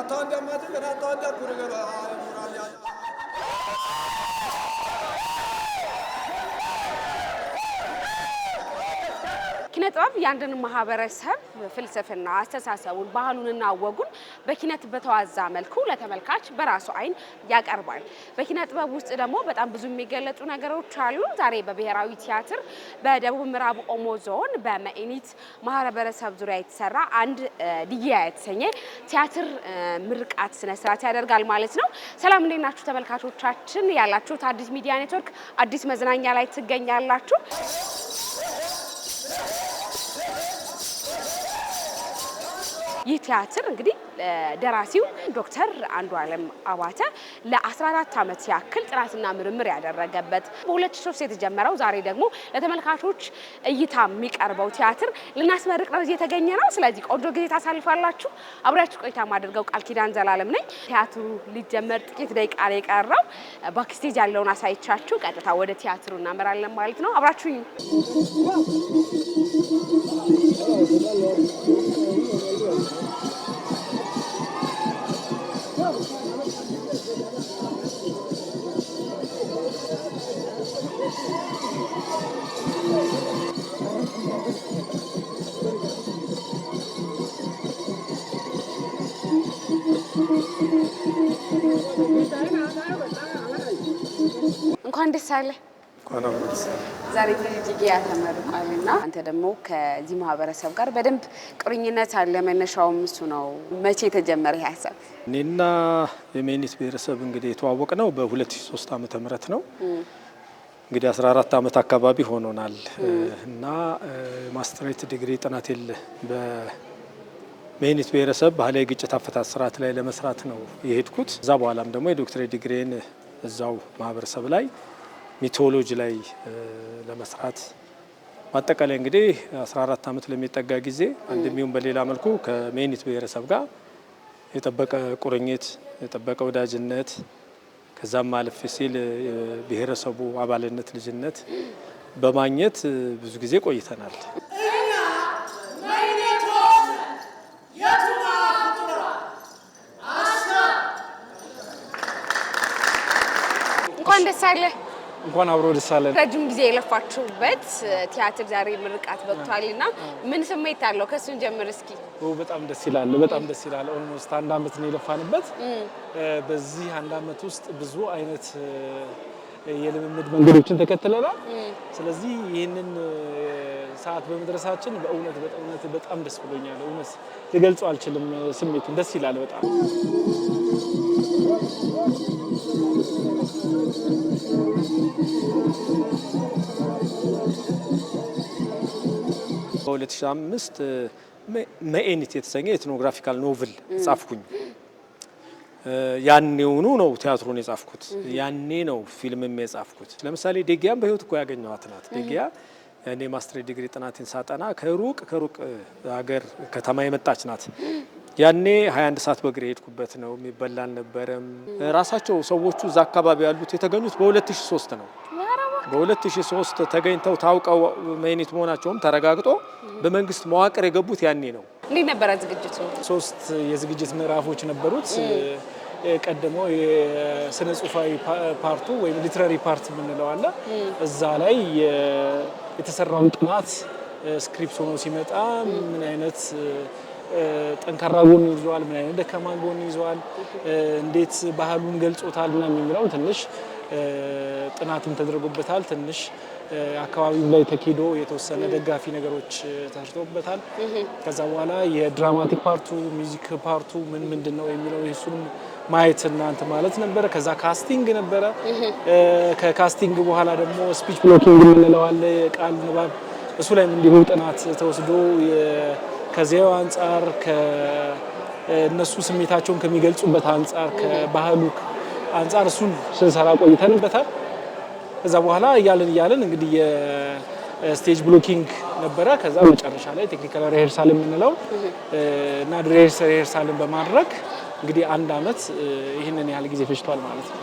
Atan da madde, atan da kuru ver. Ay, mural ya. ኪነ ጥበብ የአንድን ማህበረሰብ ፍልስፍና፣ አስተሳሰቡን፣ ባህሉንና ወጉን በኪነት በተዋዛ መልኩ ለተመልካች በራሱ አይን ያቀርባል። በኪነ ጥበብ ውስጥ ደግሞ በጣም ብዙ የሚገለጹ ነገሮች አሉ። ዛሬ በብሔራዊ ቲያትር በደቡብ ምዕራብ ኦሞ ዞን በመኢኒት ማህበረሰብ ዙሪያ የተሰራ አንድ ድያ የተሰኘ ቲያትር ምርቃት ስነስርዓት ያደርጋል ማለት ነው። ሰላም እንዴት ናችሁ ተመልካቾቻችን? ያላችሁት አዲስ ሚዲያ ኔትወርክ አዲስ መዝናኛ ላይ ትገኛላችሁ። ይህ ቲያትር እንግዲህ ደራሲው ዶክተር አንዱ አለም አባተ ለ14 ዓመት ያክል ጥናትና ምርምር ያደረገበት በ2003 የተጀመረው ዛሬ ደግሞ ለተመልካቾች እይታ የሚቀርበው ቲያትር ልናስመርቅ ነው እዚህ የተገኘ ነው። ስለዚህ ቆንጆ ጊዜ ታሳልፋላችሁ። አብሪያችሁ ቆይታ ማድርገው ቃል ኪዳን ዘላለም ነኝ። ቲያትሩ ሊጀመር ጥቂት ደቂቃ ነው የቀረው። ባክስቴጅ ያለውን አሳይቻችሁ ቀጥታ ወደ ቲያትሩ እናመራለን ማለት ነው። አብራችሁኝ ደስ አለ። ዛሬ ትልጅጌያ ተመርቋል እና አንተ ደግሞ ከዚህ ማህበረሰብ ጋር በደንብ ቁርኝነት አለ። መነሻውም እሱ ነው። መቼ የተጀመረ ይህ ሀሳብ? እኔና የሜኒት ብሔረሰብ እንግዲህ የተዋወቅ ነው በ2003 ዓ ም ነው እንግዲህ 14 ዓመት አካባቢ ሆኖናል እና ማስትሬት ዲግሪ ጥናት የለ በሜኒት ብሔረሰብ ባህላዊ ግጭት አፈታት ስርዓት ላይ ለመስራት ነው የሄድኩት። እዛ በኋላም ደግሞ የዶክትሬት ዲግሪን እዛው ማህበረሰብ ላይ ሚቶሎጂ ላይ ለመስራት ማጠቃላይ እንግዲህ 14 ዓመት ለሚጠጋ ጊዜ አንድም በሌላ መልኩ ከሜኒት ብሔረሰብ ጋር የጠበቀ ቁርኝት የጠበቀ ወዳጅነት ከዛም ማለፍ ሲል ብሔረሰቡ አባልነት ልጅነት በማግኘት ብዙ ጊዜ ቆይተናል። እንኳን ደስ አለህ። እንኳን አብሮ ደስ አለን። ረጅም ጊዜ የለፋችሁበት ቲያትር ዛሬ ምርቃት በቅቷል እና ምን ስሜት አለው? ከእሱን ጀምር እስኪ። በጣም ደስ ይላል፣ በጣም ደስ ይላል። ኦልሞስት አንድ አመት ነው የለፋንበት። በዚህ አንድ አመት ውስጥ ብዙ አይነት የልምምድ መንገዶችን ተከትለናል። ስለዚህ ይህንን ሰዓት በመድረሳችን በእውነት በእውነት በጣም ደስ ብሎኛል። እውነት ልገልጸው አልችልም ስሜቱን። ደስ ይላል በጣም በ2005 መኤኒት የተሰኘ ኤትኖግራፊካል ኖቭል ጻፍኩኝ። ያኔውኑ ነው ቲያትሩን የጻፍኩት፣ ያኔ ነው ፊልምም የጻፍኩት። ለምሳሌ ዴጊያን በህይወት እኮ ያገኘዋት ናት። ዴጊያ እኔ ማስትሬት ዲግሪ ጥናቴን ሳጠና ከሩቅ ከሩቅ ሀገር ከተማ የመጣች ናት። ያኔ 21 ሰዓት በእግር የሄድኩበት ነው። የሚበላ አልነበረም። ራሳቸው ሰዎቹ እዛ አካባቢ ያሉት የተገኙት በ2003 ነው። በ2003 ተገኝተው ታውቀው መይኒት መሆናቸውም ተረጋግጦ በመንግስት መዋቅር የገቡት ያኔ ነው። እንዴት ነበረ ዝግጅቱ? ሶስት የዝግጅት ምዕራፎች ነበሩት። ቀድሞ የስነ ጽሁፋዊ ፓርቱ ወይም ሊትራሪ ፓርት የምንለው አለ። እዛ ላይ የተሰራውን ጥናት ስክሪፕት ሆኖ ሲመጣ ምን አይነት ጠንካራ ጎን ይዟል፣ ምን አይነት ደካማ ጎን ይዟል፣ እንዴት ባህሉን ገልጾታል ምናምን የሚለውን ትንሽ ጥናትም ተደርጎበታል። ትንሽ አካባቢው ላይ ተኪዶ የተወሰነ ደጋፊ ነገሮች ተሰርቶበታል። ከዛ በኋላ የድራማቲክ ፓርቱ ሚውዚክ ፓርቱ ምን ምንድን ነው የሚለው የሱን ማየት እናንተ ማለት ነበረ። ከዛ ካስቲንግ ነበረ። ከካስቲንግ በኋላ ደግሞ ስፒች ብሎኪንግ የምንለው አለ፣ የቃል ንባብ እሱ ላይም እንዲሁ ጥናት ተወስዶ ከዚያው አንጻር እነሱ ስሜታቸውን ከሚገልጹበት አንጻር ከባህሉ አንጻር እሱን ስንሰራ ቆይተንበታል። ከዛ በኋላ እያለን እያለን እንግዲህ የስቴጅ ብሎኪንግ ነበረ። ከዛ መጨረሻ ላይ ቴክኒካል ሪሄርሳል የምንለው እና ሪሄርሳልን በማድረግ እንግዲህ አንድ አመት ይህንን ያህል ጊዜ ፈጅቷል ማለት ነው።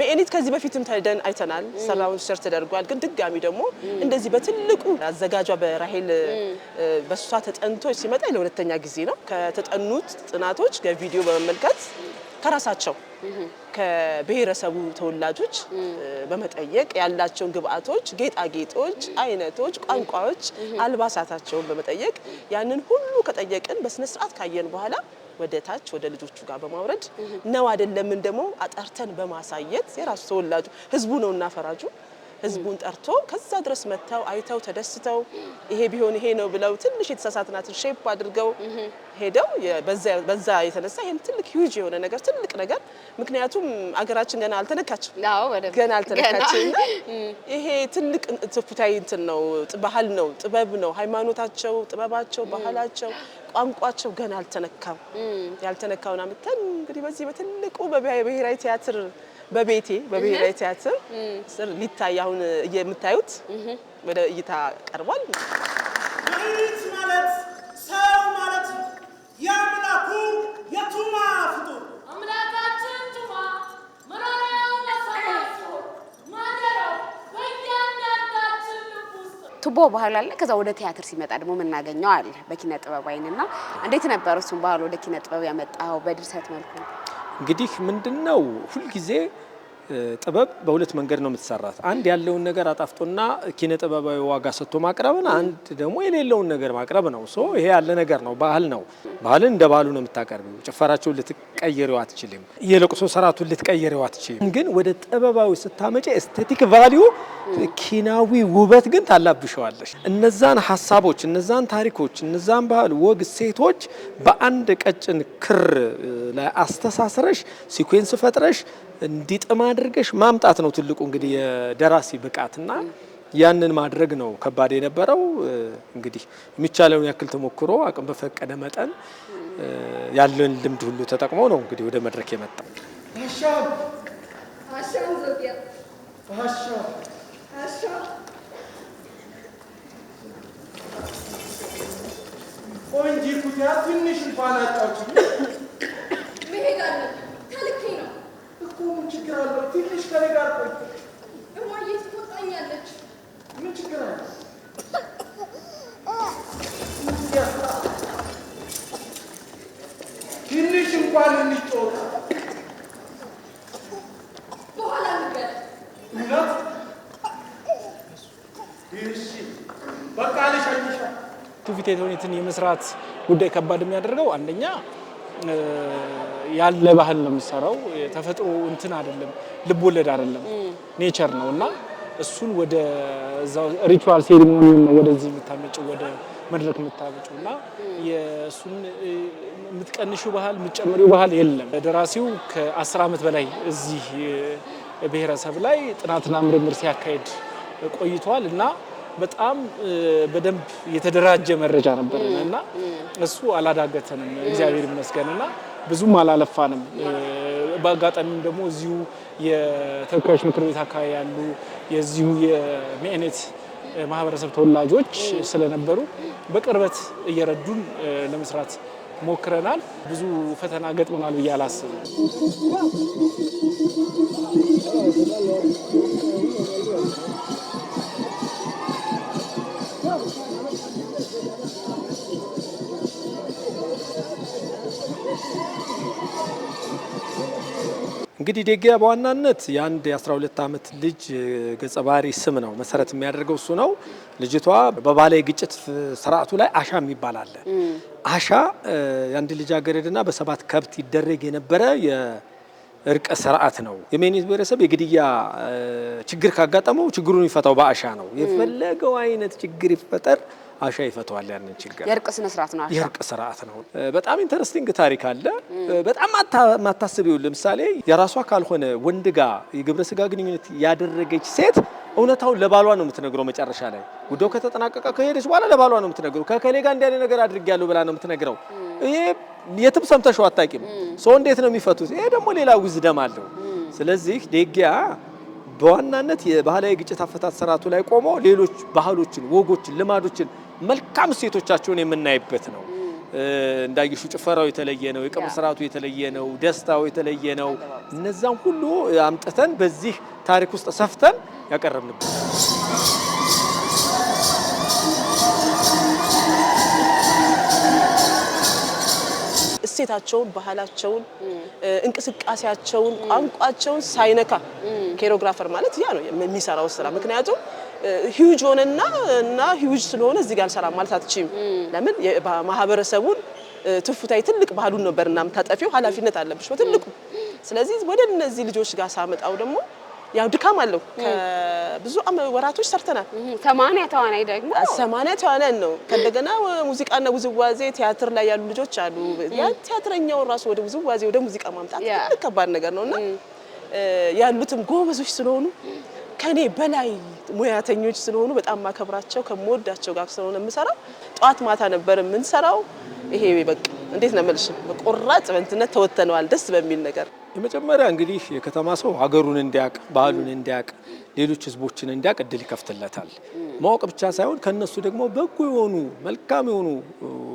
ሜኤሊት ከዚህ በፊትም ተደን አይተናል። ሰራውን ሸር ተደርጓል። ግን ድጋሚ ደግሞ እንደዚህ በትልቁ አዘጋጇ በራሄል በሷ ተጠንቶ ሲመጣ ለሁለተኛ ጊዜ ነው። ከተጠኑት ጥናቶች ከቪዲዮ በመመልከት ከራሳቸው ከብሔረሰቡ ተወላጆች በመጠየቅ ያላቸውን ግብአቶች፣ ጌጣጌጦች፣ አይነቶች፣ ቋንቋዎች፣ አልባሳታቸውን በመጠየቅ ያንን ሁሉ ከጠየቅን በስነስርዓት ካየን በኋላ ወደ ታች ወደ ልጆቹ ጋር በማውረድ ነው አይደለምን ደግሞ አጠርተን በማሳየት የራሱ ተወላጁ ህዝቡ ነውና ፈራጁ ህዝቡን ጠርቶ ከዛ ድረስ መጥተው አይተው ተደስተው ይሄ ቢሆን ይሄ ነው ብለው ትንሽ የተሳሳትናትን ሼፕ አድርገው ሄደው በዛ የተነሳ ይህም ትልቅ ሂውጅ የሆነ ነገር ትልቅ ነገር ምክንያቱም አገራችን ገና አልተነካችም፣ ገና አልተነካችም። ይሄ ትልቅ ትውፊታዊ እንትን ነው፣ ባህል ነው፣ ጥበብ ነው። ሃይማኖታቸው፣ ጥበባቸው፣ ባህላቸው፣ ቋንቋቸው ገና አልተነካም። ያልተነካውን አምጥተን እንግዲህ በዚህ በትልቁ በብሔራዊ ቲያትር በቤቴ በብሔራዊ ቲያትር ስር ሊታይ አሁን የምታዩት ወደ እይታ ቀርቧል። ትርኢት ማለት ሰው ማለት የአምላኩ የቱማ ፍጡር አምላካችን ቱማ ቱቦ ባህል አለ። ከዛ ወደ ቲያትር ሲመጣ ደግሞ የምናገኘው አለ በኪነ ጥበብ አይንና እንዴት ነበር እሱም ባህል ወደ ኪነ ጥበብ ያመጣው በድርሰት መልኩ እንግዲህ ምንድን ነው ሁልጊዜ ጥበብ በሁለት መንገድ ነው የምትሰራት። አንድ ያለውን ነገር አጣፍጦና ኪነ ጥበባዊ ዋጋ ሰጥቶ ማቅረብን፣ አንድ ደግሞ የሌለውን ነገር ማቅረብ ነው። ሶ ይሄ ያለ ነገር ነው፣ ባህል ነው። ባህልን እንደ ባህሉ ነው የምታቀርቢው። ጭፈራቸውን ልትቀየሪው አትችልም። የለቅሶ ስርዓቱን ልትቀየሪው አትችልም። ግን ወደ ጥበባዊ ስታመጪ ኤስቴቲክ ቫሊዩ ኪናዊ ውበት ግን ታላብሸዋለች። እነዛን ሀሳቦች፣ እነዛን ታሪኮች፣ እነዛን ባህል፣ ወግ፣ ሴቶች በአንድ ቀጭን ክር ላይ አስተሳስረሽ ሲኩዌንስ ፈጥረሽ እንዲጥም አድርገሽ ማምጣት ነው ትልቁ እንግዲህ የደራሲ ብቃትና ያንን ማድረግ ነው ከባድ የነበረው። እንግዲህ የሚቻለውን ያክል ተሞክሮ አቅም በፈቀደ መጠን ያለን ልምድ ሁሉ ተጠቅሞ ነው እንግዲህ ወደ መድረክ የመጣው። ቆንጂ ኩታ ትንሽ እንኳን ችግር አለው? ትንሽ ከኔ ጋር ቆይ። እማዬ ትቆጣኛለች። ምን ችግር አለ? ትንሽ እንኳን እንጫወት። በኋላ ንገር። እውነት? እሺ በቃ ልሻኝሻ። ፊቴቶኒትን የመስራት ጉዳይ ከባድ የሚያደርገው አንደኛ ያለ ባህል ነው የሚሰራው። ተፈጥሮ እንትን አይደለም፣ ልብ ወለድ አይደለም፣ ኔቸር ነው እና እሱን ወደ ሪቹዋል ሴሪሞኒ ወደዚህ የምታመጭ ወደ መድረክ የምታመጭው እና የእሱን የምትቀንሹ ባህል የምትጨምሪው ባህል የለም። ደራሲው ከአስር ዓመት በላይ እዚህ ብሔረሰብ ላይ ጥናትና ምርምር ሲያካሄድ ቆይቷል እና በጣም በደንብ የተደራጀ መረጃ ነበር እና እሱ አላዳገተንም፣ እግዚአብሔር ይመስገን እና ብዙም አላለፋንም። በአጋጣሚም ደግሞ እዚሁ የተወካዮች ምክር ቤት አካባቢ ያሉ የዚሁ የሜኔት ማህበረሰብ ተወላጆች ስለነበሩ በቅርበት እየረዱን ለመስራት ሞክረናል። ብዙ ፈተና ገጥሞናል ብዬ አላስብም። እንግዲህ ደጋ በዋናነት የአንድ የ12 ዓመት ልጅ ገጸ ባህሪ ስም ነው። መሰረት የሚያደርገው እሱ ነው። ልጅቷ በባህላዊ ግጭት ስርዓቱ ላይ አሻ የሚባል አለ። አሻ የአንድ ልጃገረድና በሰባት ከብት ይደረግ የነበረ እርቀ ስርዓት ነው። የሜኒት ብሔረሰብ የግድያ ችግር ካጋጠመው ችግሩን ይፈታው በአሻ ነው። የፈለገው አይነት ችግር ይፈጠር አሻ ይፈተዋል ያንን ችግር። የእርቅ ስነ ስርዓት ነው። የእርቅ ስርዓት ነው። በጣም ኢንተረስቲንግ ታሪክ አለ። በጣም ማታስቢው ለምሳሌ የራሷ ካልሆነ ወንድ ጋር የግብረ ስጋ ግንኙነት ያደረገች ሴት እውነታውን ለባሏ ነው የምትነግረው። መጨረሻ ላይ ጉዳዩ ከተጠናቀቀ ከሄደች በኋላ ለባሏ ነው የምትነግረው። ከከሌ ጋር እንዲያለ ነገር አድርጌያለሁ ብላ ነው የምትነግረው። ይሄ የትም ሰምተሽው አታውቂም። ሰው እንዴት ነው የሚፈቱት? ይሄ ደግሞ ሌላ ውዝደም አለው። ስለዚህ ዴጊያ በዋናነት የባህላዊ ግጭት አፈታት ስርዓቱ ላይ ቆሞ ሌሎች ባህሎችን፣ ወጎችን፣ ልማዶችን መልካም ሴቶቻቸውን የምናይበት ነው። እንዳየሹ ጭፈራው የተለየ ነው። የቀብር ስርዓቱ የተለየ ነው። ደስታው የተለየ ነው። እነዛም ሁሉ አምጥተን በዚህ ታሪክ ውስጥ ሰፍተን ያቀረብንበት እሴታቸውን፣ ባህላቸውን፣ እንቅስቃሴያቸውን፣ ቋንቋቸውን ሳይነካ ኬሮግራፈር ማለት ያ ነው የሚሰራው ስራ ምክንያቱም ሂውጅ ሆነና እና ሂውጅ ስለሆነ እዚህ ጋር አልሰራም ማለት አትችም። ለምን ማህበረሰቡን ትፉታይ ትልቅ ባህሉን ነበር እና የምታጠፊው ኃላፊነት አለብሽ በትልቁ። ስለዚህ ወደ እነዚህ ልጆች ጋር ሳመጣው ደግሞ ያው ድካም አለው። ብዙ ወራቶች ሰርተናል። ሰማንያ ተዋናይ ደግሞ ሰማንያ ተዋናያን ነው። ከእንደገና ሙዚቃና ውዝዋዜ ቲያትር ላይ ያሉ ልጆች አሉ። ያ ቲያትረኛውን ራሱ ወደ ውዝዋዜ ወደ ሙዚቃ ማምጣት ከባድ ነገር ነው እና ያሉትም ጎበዞች ስለሆኑ ከኔ በላይ ሙያተኞች ስለሆኑ በጣም ማከብራቸው ከምወዳቸው ጋር ስለሆነ የምሰራው ጠዋት ማታ ነበር የምንሰራው። ይሄ በቃ እንዴት ነው መልሽ በቆራጥ በእንትነት ተወተነዋል። ደስ በሚል ነገር የመጀመሪያ እንግዲህ የከተማ ሰው ሀገሩን እንዲያቅ ባህሉን እንዲያቅ ሌሎች ህዝቦችን እንዲያቅ እድል ይከፍትለታል። ማወቅ ብቻ ሳይሆን ከነሱ ደግሞ በጎ የሆኑ መልካም የሆኑ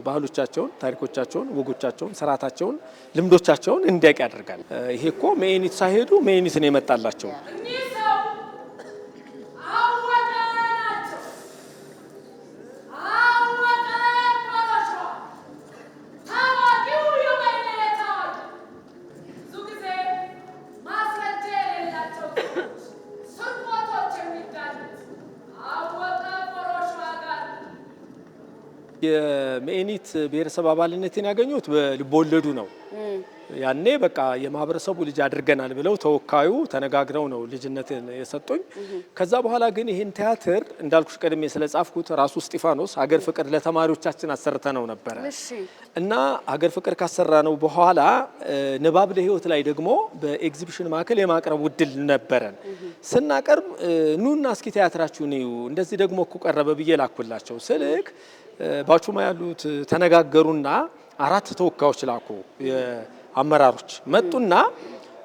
ባህሎቻቸውን፣ ታሪኮቻቸውን፣ ወጎቻቸውን፣ ስርዓታቸውን፣ ልምዶቻቸውን እንዲያውቅ ያደርጋል። ይሄ እኮ መኒት ሳይሄዱ መኤኒትን የመጣላቸው የመኤኒት ብሔረሰብ አባልነትን ያገኙት በልቦወለዱ ነው። ያኔ በቃ የማህበረሰቡ ልጅ አድርገናል ብለው ተወካዩ ተነጋግረው ነው ልጅነትን የሰጡኝ። ከዛ በኋላ ግን ይህን ቲያትር እንዳልኩሽ ቀድሜ ስለጻፍኩት ራሱ እስጢፋኖስ ሀገር ፍቅር ለተማሪዎቻችን አሰርተ ነው ነበረ እና ሀገር ፍቅር ካሰራ ነው በኋላ ንባብ ለህይወት ላይ ደግሞ በኤግዚቢሽን ማዕከል የማቅረብ ውድል ነበረን። ስናቀርብ ኑና እስኪ ቲያትራችሁ እዩ እንደዚህ ደግሞ እኮ ቀረበ ብዬ ላኩላቸው ስልክ ባቹማ ያሉት ተነጋገሩና አራት ተወካዮች ላኩ። አመራሮች መጡና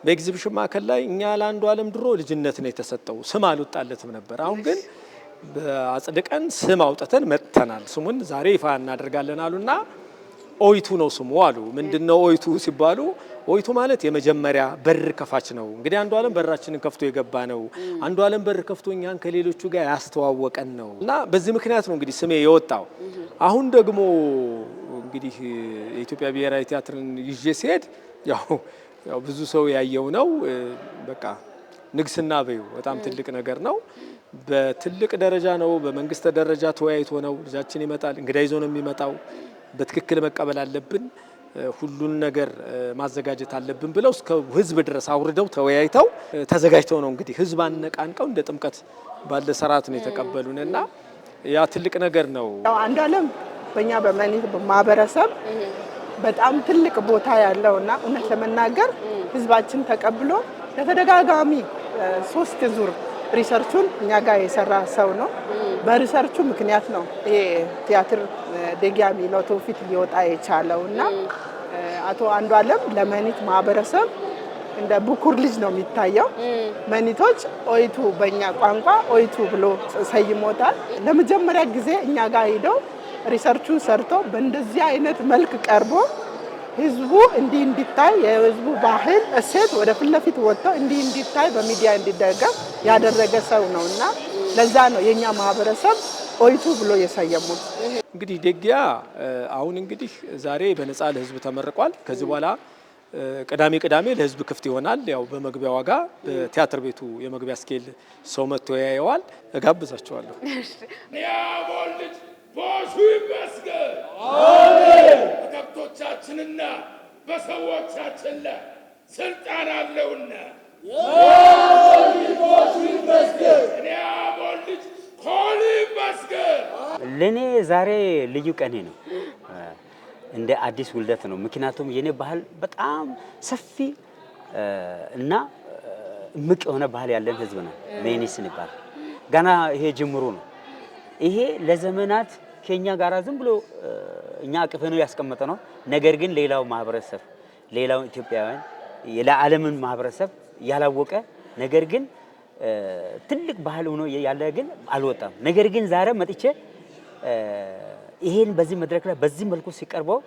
በኤግዚቢሽን ማዕከል ላይ እኛ ለአንዱ አለም ድሮ ልጅነት ነው የተሰጠው ስም አልወጣለትም ነበር። አሁን ግን አጽድቀን ስም አውጥተን መጥተናል። ስሙን ዛሬ ይፋ እናደርጋለን አሉና ኦይቱ ነው ስሙ አሉ። ምንድነው ኦይቱ ሲባሉ ወይቱ ማለት የመጀመሪያ በር ከፋች ነው። እንግዲህ አንዱ ዓለም በራችንን ከፍቶ የገባ ነው። አንዱ ዓለም በር ከፍቶ እኛን ከሌሎቹ ጋር ያስተዋወቀን ነው እና በዚህ ምክንያት ነው እንግዲህ ስሜ የወጣው። አሁን ደግሞ እንግዲህ የኢትዮጵያ ብሔራዊ ቲያትርን ይዤ ሲሄድ ያው ያው ብዙ ሰው ያየው ነው። በቃ ንግስና በዩ በጣም ትልቅ ነገር ነው። በትልቅ ደረጃ ነው። በመንግስት ደረጃ ተወያይቶ ነው ልጃችን ይመጣል። እንግዳ ይዞ ነው የሚመጣው። በትክክል መቀበል አለብን። ሁሉን ነገር ማዘጋጀት አለብን ብለው እስከ ህዝብ ድረስ አውርደው ተወያይተው ተዘጋጅተው ነው እንግዲህ ህዝብ አነቃንቀው እንደ ጥምቀት ባለ ስርዓት ነው የተቀበሉን እና ያ ትልቅ ነገር ነው። አንዱ አለም በእኛ በመኒት ማህበረሰብ በጣም ትልቅ ቦታ ያለው እና እውነት ለመናገር ህዝባችን ተቀብሎ ለተደጋጋሚ ሶስት ዙር ሪሰርቹን እኛ ጋር የሰራ ሰው ነው። በሪሰርቹ ምክንያት ነው ይሄ ቲያትር ደጊያ የሚለው ትውፊት ሊወጣ የቻለው እና አቶ አንዱ አለም ለመኒት ማህበረሰብ እንደ ብኩር ልጅ ነው የሚታየው። መኒቶች ኦይቱ በእኛ ቋንቋ ኦይቱ ብሎ ሰይሞታል። ለመጀመሪያ ጊዜ እኛ ጋር ሄደው ሪሰርቹ ሰርቶ በእንደዚህ አይነት መልክ ቀርቦ ህዝቡ እንዲህ እንዲታይ የህዝቡ ባህል እሴት ወደ ፊት ለፊት ወጥቶ እንዲህ እንዲታይ በሚዲያ እንዲደገፍ ያደረገ ሰው ነው እና ለዛ ነው የኛ ማህበረሰብ ኦይቱ ብሎ የሰየሙት። እንግዲህ ደጊያ አሁን እንግዲህ ዛሬ በነፃ ለህዝብ ተመርቋል። ከዚህ በኋላ ቅዳሜ ቅዳሜ ለህዝብ ክፍት ይሆናል። ያው በመግቢያ ዋጋ በቲያትር ቤቱ የመግቢያ ስኬል ሰው መጥቶ ያየዋል። እጋብዛቸዋለሁ። ቦሹ ይመስገን። በከብቶቻችንና በሰዎቻችን ላይ ስልጣን አለውና ለእኔ ዛሬ ልዩ ቀኔ ነው፣ እንደ አዲስ ውልደት ነው። ምክንያቱም የኔ ባህል በጣም ሰፊ እና እምቅ የሆነ ባህል ያለን ህዝብ ነው። ሜኒስን ይባላል። ገና ይሄ ጅምሩ ነው። ይሄ ለዘመናት ከኛ ጋራ ዝም ብሎ እኛ አቅፈ ነው ያስቀመጠ ነው። ነገር ግን ሌላው ማህበረሰብ ሌላው ኢትዮጵያውያን ለዓለምን ማህበረሰብ ያላወቀ ነገር ግን ትልቅ ባህል ሆኖ ያለ ግን አልወጣም። ነገር ግን ዛሬ መጥቼ ይሄን በዚህ መድረክ ላይ በዚህ መልኩ ሲቀርበው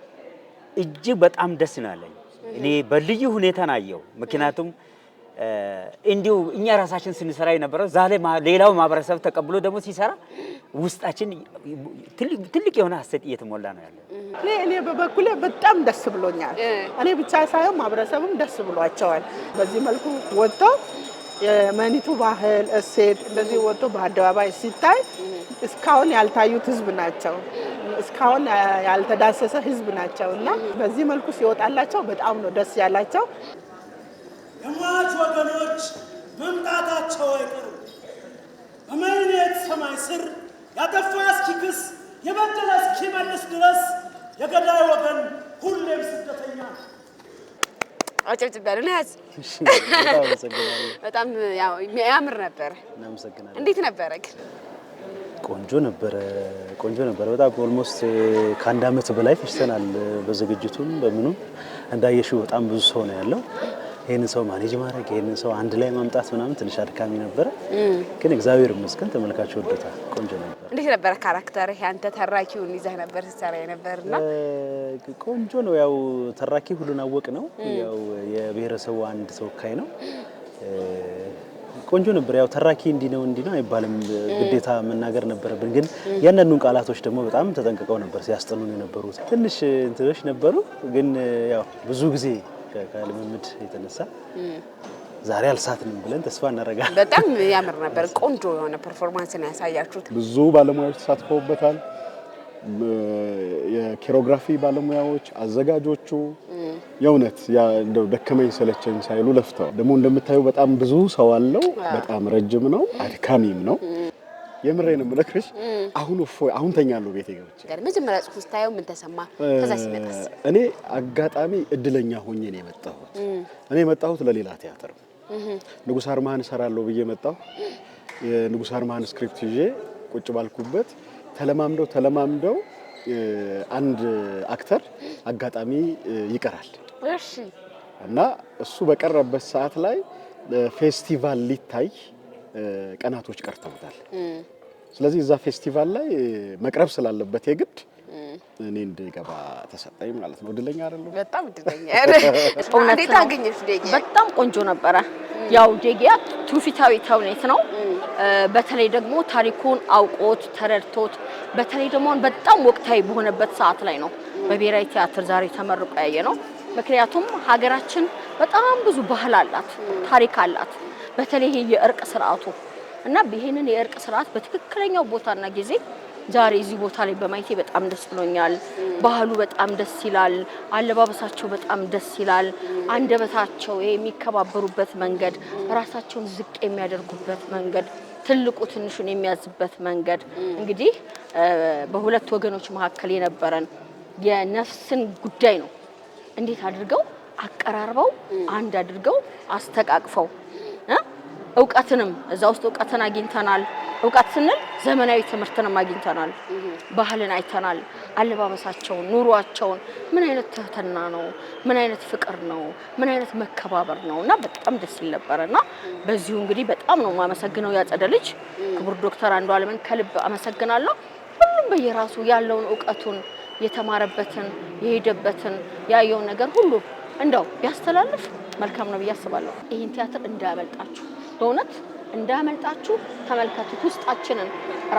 እጅግ በጣም ደስ ናለኝ። እኔ በልዩ ሁኔታ ናየው ምክንያቱም እንዲሁ እኛ ራሳችን ስንሰራ የነበረው ዛሬ ሌላው ማህበረሰብ ተቀብሎ ደግሞ ሲሰራ ውስጣችን ትልቅ የሆነ ሀሴት እየተሞላ ነው ያለ። እኔ በበኩሌ በጣም ደስ ብሎኛል። እኔ ብቻ ሳይሆን ማህበረሰቡም ደስ ብሏቸዋል። በዚህ መልኩ ወጥቶ የመኒቱ ባህል እሴት እንደዚህ ወጥቶ በአደባባይ ሲታይ እስካሁን ያልታዩት ህዝብ ናቸው። እስካሁን ያልተዳሰሰ ህዝብ ናቸው እና በዚህ መልኩ ሲወጣላቸው በጣም ነው ደስ ያላቸው። የሟች ወገኖች መምጣታቸው አይቀሩም። በመይሌት ሰማይ ስር ያጠፋ እስኪክስ የበደለ እስኪመልስ ድረስ የገዳይ ወገን ሁሌም ስደተኛ አጨብጭቢያለሁ። ነያዝ በጣም ያምር ነበረ። እንዴት ነበረ ግን? ቆንጆ ነበረ። ቆንጆ ነበረ በጣም ኦልሞስት ከአንድ አመት በላይ ፈሽተናል። በዝግጅቱም በምኑም እንዳየሽው በጣም ብዙ ሰው ነው ያለው። ይህንን ሰው ማኔጅ ማድረግ ይህን ሰው አንድ ላይ ማምጣት ምናምን ትንሽ አድካሚ ነበረ፣ ግን እግዚአብሔር ይመስገን ተመልካቹ ወደታ ቆንጆ ነበር። እንዴት ነበረ ካራክተር? አንተ ተራኪውን ይዘህ ነበር ስትሰራ የነበርና ቆንጆ ነው። ያው ተራኪ ሁሉን አወቅ ነው። ያው የብሔረሰቡ አንድ ተወካይ ነው። ቆንጆ ነበር። ያው ተራኪ እንዲህ ነው እንዲህ ነው አይባልም፣ ግዴታ መናገር ነበረብን። ግን ያንዳንዱን ቃላቶች ደግሞ በጣም ተጠንቅቀው ነበር ሲያስጠኑን የነበሩት። ትንሽ እንትኖች ነበሩ፣ ግን ያው ብዙ ጊዜ ከልምምድ የተነሳ ዛሬ አልሳትንም ብለን ተስፋ እናደርጋለን። በጣም ያምር ነበር። ቆንጆ የሆነ ፐርፎርማንስን ያሳያችሁት። ብዙ ባለሙያዎች ተሳትፈውበታል። የኪሮግራፊ ባለሙያዎች፣ አዘጋጆቹ የእውነት ደከመኝ ሰለቸኝ ሳይሉ ለፍተዋል። ደግሞ እንደምታዩ በጣም ብዙ ሰው አለው። በጣም ረጅም ነው፣ አድካሚም ነው። የምሬ ነው የምነግርሽ። አሁን እፎይ አሁን ተኛለሁ ቤቴ ገብቼ። መጀመሪያ ጽሑፍ ስታየው ምን ተሰማ? ከዛ ሲመጣስ? እኔ አጋጣሚ እድለኛ ሆኜ ነው የመጣሁት። እኔ የመጣሁት ለሌላ ቲያትር ንጉስ አርማህን እሰራለሁ ብዬ መጣሁ። የንጉስ አርማህን ስክሪፕት ይዤ ቁጭ ባልኩበት ተለማምደው ተለማምደው አንድ አክተር አጋጣሚ ይቀራል እና እሱ በቀረበት ሰዓት ላይ ፌስቲቫል ሊታይ ቀናቶች ቀርተውታል። ስለዚህ እዛ ፌስቲቫል ላይ መቅረብ ስላለበት የግድ እኔ እንድገባ ተሰጠኝ ማለት ነው። እድለኛ አይደለሁ? በጣም እድለኛ እንዴት አገኘሽ? ዴጊያ በጣም ቆንጆ ነበረ። ያው ዴጊያ ትውፊታዊ ተውኔት ነው። በተለይ ደግሞ ታሪኩን አውቆት ተረድቶት፣ በተለይ ደግሞ በጣም ወቅታዊ በሆነበት ሰዓት ላይ ነው በብሔራዊ ቲያትር ዛሬ ተመርቆ ያየ ነው። ምክንያቱም ሀገራችን በጣም ብዙ ባህል አላት፣ ታሪክ አላት። በተለይ የእርቅ ስርዓቱ እና ይህንን የእርቅ ስርዓት በትክክለኛው ቦታና ጊዜ ዛሬ እዚህ ቦታ ላይ በማየቴ በጣም ደስ ብሎኛል። ባህሉ በጣም ደስ ይላል። አለባበሳቸው በጣም ደስ ይላል። አንደበታቸው ይሄ የሚከባበሩበት መንገድ፣ ራሳቸውን ዝቅ የሚያደርጉበት መንገድ፣ ትልቁ ትንሹን የሚያዝበት መንገድ እንግዲህ በሁለት ወገኖች መካከል የነበረን የነፍስን ጉዳይ ነው እንዴት አድርገው አቀራርበው አንድ አድርገው አስተቃቅፈው እውቀትንም እዛ ውስጥ እውቀትን አግኝተናል። እውቀት ስንል ዘመናዊ ትምህርትንም አግኝተናል። ባህልን አይተናል። አለባበሳቸውን፣ ኑሯቸውን ምን አይነት ትህትና ነው፣ ምን አይነት ፍቅር ነው፣ ምን አይነት መከባበር ነው እና በጣም ደስ ይል ነበረ እና በዚሁ እንግዲህ በጣም ነው የማመሰግነው ያጸደ ልጅ ክቡር ዶክተር አለምን ከልብ አመሰግናለሁ። ሁሉም በየራሱ ያለውን እውቀቱን የተማረበትን የሄደበትን ያየውን ነገር ሁሉ እንደው ቢያስተላልፍ መልካም ነው ብዬ አስባለሁ። ይህን ቲያትር እንዳያመልጣችሁ፣ በእውነት እንዳያመልጣችሁ ተመልከቱት። ውስጣችንን፣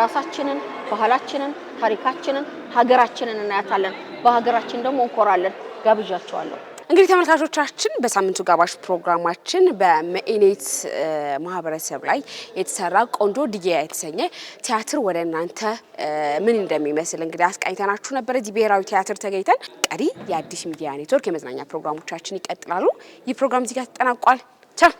ራሳችንን፣ ባህላችንን፣ ታሪካችንን፣ ሀገራችንን እናያታለን። በሀገራችን ደግሞ እንኮራለን። ጋብዣቸዋለሁ። እንግዲህ ተመልካቾቻችን በሳምንቱ ጋባዥ ፕሮግራማችን በመኢኔት ማህበረሰብ ላይ የተሰራ ቆንጆ ድያ የተሰኘ ቲያትር ወደ እናንተ ምን እንደሚመስል እንግዲህ አስቃኝተናችሁ ነበር። እዚህ ብሔራዊ ቲያትር ተገኝተን ቀሪ የአዲስ ሚዲያ ኔትወርክ የመዝናኛ ፕሮግራሞቻችን ይቀጥላሉ። ይህ ፕሮግራም እዚህ ጋር ተጠናቋል። ቻው